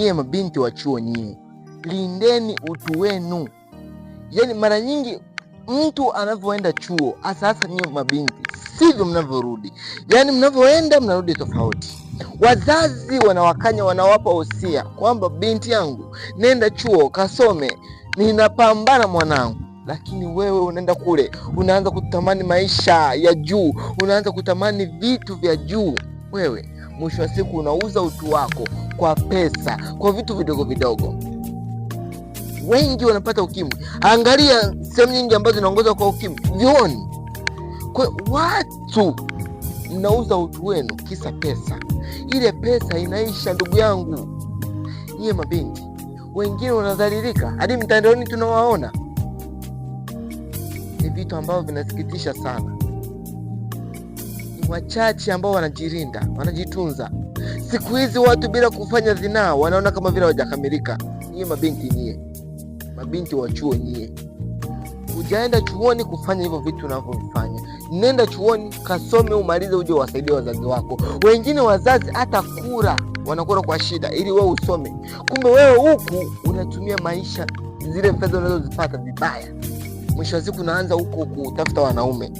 Nyie mabinti wa chuo nyie, lindeni utu wenu. Yani mara nyingi mtu anavyoenda chuo, hasa hasa nyie mabinti, sivyo mnavyorudi. Yani mnavyoenda mnarudi tofauti. Wazazi wanawakanya, wanawapa usia kwamba binti yangu, nenda chuo kasome, ninapambana mwanangu lakini wewe unaenda kule, unaanza kutamani maisha ya juu, unaanza kutamani vitu vya juu wewe mwisho wa siku unauza utu wako kwa pesa, kwa vitu vidogo vidogo. Wengi wanapata ukimwi. Angalia sehemu nyingi ambazo zinaongoza kwa ukimwi, vioni Kwa watu mnauza utu wenu kisa pesa. Ile pesa inaisha, ndugu yangu. Nyie mabinti wengine wanadhalilika, hadi mtandaoni tunawaona. Ni vitu ambavyo vinasikitisha sana wachache ambao wanajirinda, wanajitunza. Siku hizi watu bila kufanya zinaa wanaona kama vile hawajakamilika. Nyie mabinti, nyie mabinti wa chuo, nyie ujaenda chuoni kufanya hivyo vitu unavyovifanya. Nenda chuoni kasome, umalize, uje wasaidia wazazi wako. Wengine wazazi hata kura wanakura kwa shida ili wewe usome, kumbe wewe huku unatumia maisha, zile fedha unazozipata vibaya. Mwisho wa siku unaanza huko kutafuta wanaume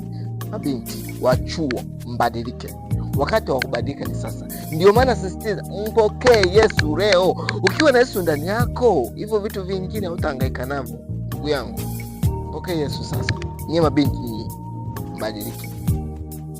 mabinti wa chuo mbadilike. Wakati wa kubadilika ni sasa. Ndio maana sisitiza mpokee Yesu leo. Ukiwa na Yesu ndani yako, hivyo vitu vingine hautahangaika navyo, ndugu yangu. Mpokee Yesu sasa. niye mabinti mbadilike.